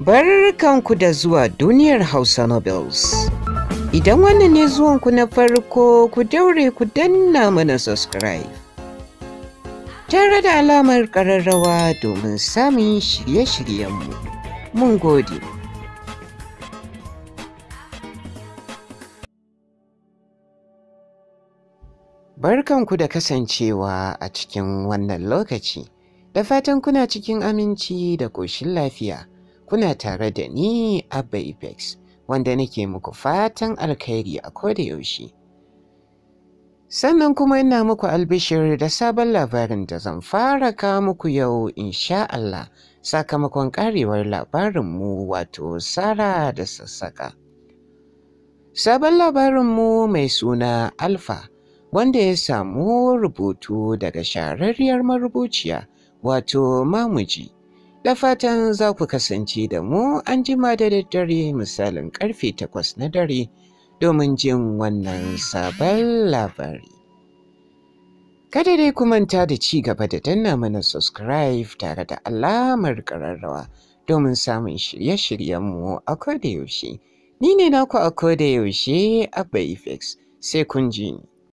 Barkanku da zuwa duniyar Hausa Nobels, Idan wannan ne zuwanku na farko ku daure ku danna mana subscribe. Tare da alamar ƙararrawa domin samun shirye-shiryenmu. Mun gode. Barkanku da kasancewa a cikin wannan lokaci, da fatan kuna cikin aminci da ƙoshin lafiya. kuna tare da ni Abba Ibex wanda nake muku fatan alkhairi a koda yaushe. Sannan kuma ina muku albishir da sabon labarin da zan fara ka muku yau insha Allah sakamakon karewar labarinmu wato Sara da Sassaka. Sabon labarinmu mai suna Alfa wanda ya samu rubutu daga shararriyar marubuciya wato Mamuji. Da fatan za ku kasance da mu an jima da daddare misalin karfe takwas na dare domin jin wannan sabon labari. Kada dai ku manta da ci gaba da danna mana subscribe tare da alamar ƙararrawa domin samun shirye-shiryenmu a koda yaushe. Ni ne naku a koda a Bayfix sai kun ji ni.